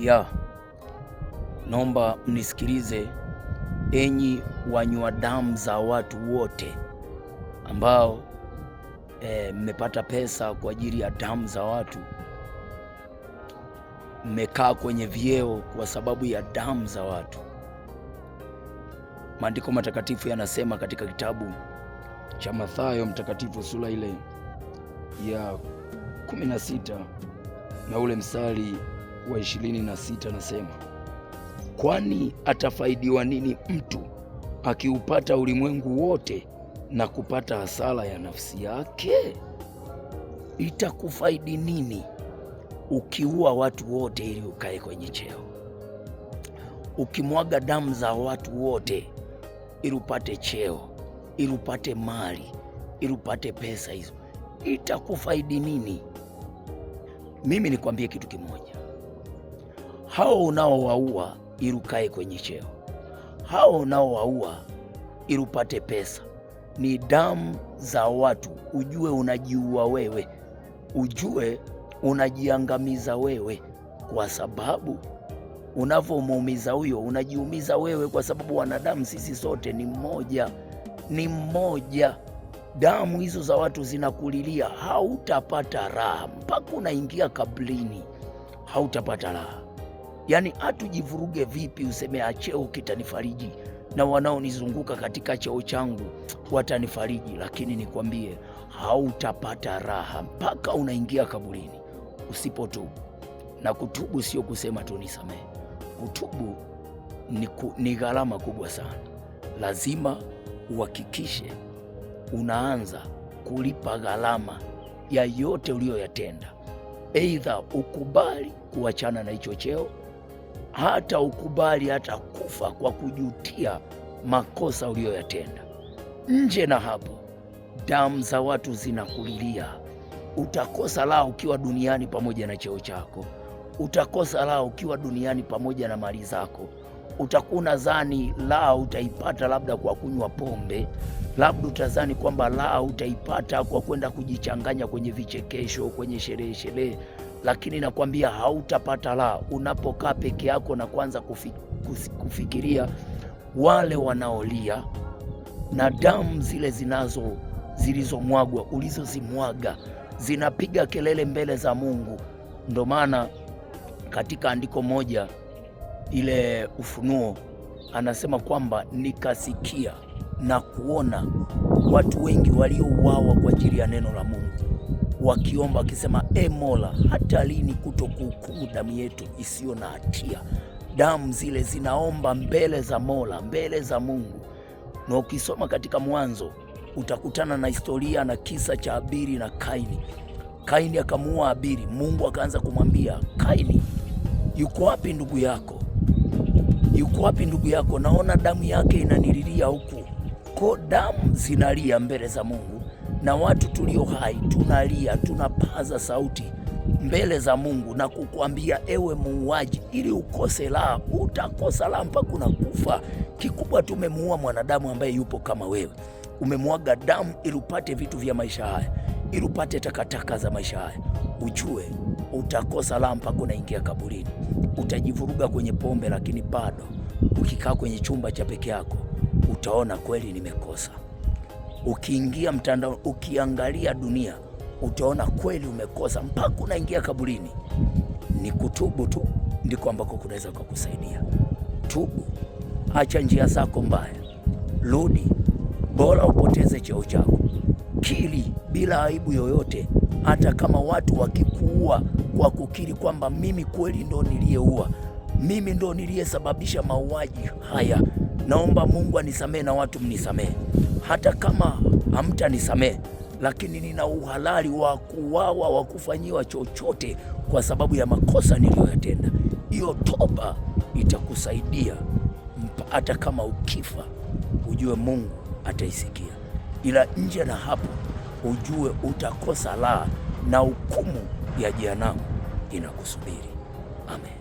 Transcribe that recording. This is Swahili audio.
ya naomba mnisikilize enyi wanywa damu za watu wote ambao e, mmepata pesa kwa ajili ya damu za watu, mmekaa kwenye vyeo kwa sababu ya damu za watu. Maandiko matakatifu yanasema katika kitabu cha Mathayo mtakatifu sura ile ya 16 na ule mstari wa 26 na nasema, kwani atafaidiwa nini mtu akiupata ulimwengu wote na kupata hasara ya nafsi yake? Itakufaidi nini ukiua watu wote ili ukae kwenye cheo, ukimwaga damu za watu wote ili upate cheo, ili upate mali, ili upate pesa hizo, itakufaidi nini? Mimi nikwambie kitu kimoja, hao unaowaua irukae kwenye cheo, hao unaowaua irupate pesa. Ni damu za watu, ujue unajiua wewe, ujue unajiangamiza wewe, kwa sababu unavyomuumiza huyo unajiumiza wewe, kwa sababu wanadamu sisi sote ni mmoja, ni mmoja. Damu hizo za watu zinakulilia, hautapata raha mpaka unaingia kablini hautapata raha. Yaani hatujivuruge vipi, useme acheo kitanifariji na wanaonizunguka katika cheo changu watanifariji, lakini nikwambie, hautapata raha mpaka unaingia kaburini usipotubu. Na kutubu sio kusema tu nisamehe. Kutubu ni, ku, ni gharama kubwa sana. Lazima uhakikishe unaanza kulipa gharama ya yote uliyoyatenda, aidha ukubali kuachana na hicho cheo hata ukubali hata kufa kwa kujutia makosa uliyoyatenda. Nje na hapo, damu za watu zinakulilia. Utakosa raha ukiwa duniani pamoja na cheo chako, utakosa raha ukiwa duniani pamoja na mali zako. Utakuwa unadhani raha utaipata labda kwa kunywa pombe, labda utazani kwamba raha utaipata kwa kwenda kujichanganya kwenye vichekesho, kwenye sherehe sherehe lakini nakwambia hautapata la unapokaa peke yako na kuanza kufikiria wale wanaolia na damu zile zinazo zilizomwagwa ulizozimwaga zinapiga kelele mbele za Mungu. Ndo maana katika andiko moja ile Ufunuo anasema kwamba nikasikia na kuona watu wengi waliouawa kwa ajili ya neno la Mungu wakiomba wakisema, e Mola, hata lini kuto kuhukumu damu yetu isiyo na hatia? Damu zile zinaomba mbele za Mola, mbele za Mungu. Na ukisoma katika Mwanzo utakutana na historia na kisa cha Abiri na Kaini. Kaini akamuua Abiri. Mungu akaanza kumwambia Kaini, yuko wapi ndugu yako? Yuko wapi ndugu yako? Naona damu yake inanililia huku. Ko, damu zinalia mbele za Mungu na watu tulio hai tunalia, tunapaza sauti mbele za Mungu na kukuambia, ewe muuaji, ili ukose raha, utakosa raha mpaka unakufa. Kikubwa tumemuua mwanadamu ambaye yupo kama wewe. Umemwaga damu ili upate vitu vya maisha haya, ili upate takataka za maisha haya. Ujue utakosa raha mpaka unaingia kaburini, utajivuruga kwenye pombe, lakini bado ukikaa kwenye chumba cha peke yako utaona kweli nimekosa. Ukiingia mtandao, ukiangalia dunia, utaona kweli umekosa, mpaka unaingia kaburini. Ni kutubu tu ndiko ambako kunaweza kukusaidia. Tubu, acha njia zako mbaya, rudi. Bora upoteze cheo chako, kili bila aibu yoyote, hata kama watu wakikuua kwa kukiri kwamba mimi kweli ndo niliyeua, mimi ndo niliyesababisha mauaji haya naomba Mungu anisamehe na watu mnisamehe. Hata kama hamtanisamehe, lakini nina uhalali wa kuwawa wa kufanyiwa chochote kwa sababu ya makosa niliyoyatenda. Hiyo toba itakusaidia hata kama ukifa, ujue Mungu ataisikia, ila nje na hapo, ujue utakosa laa na hukumu ya jehanamu inakusubiri. Amen.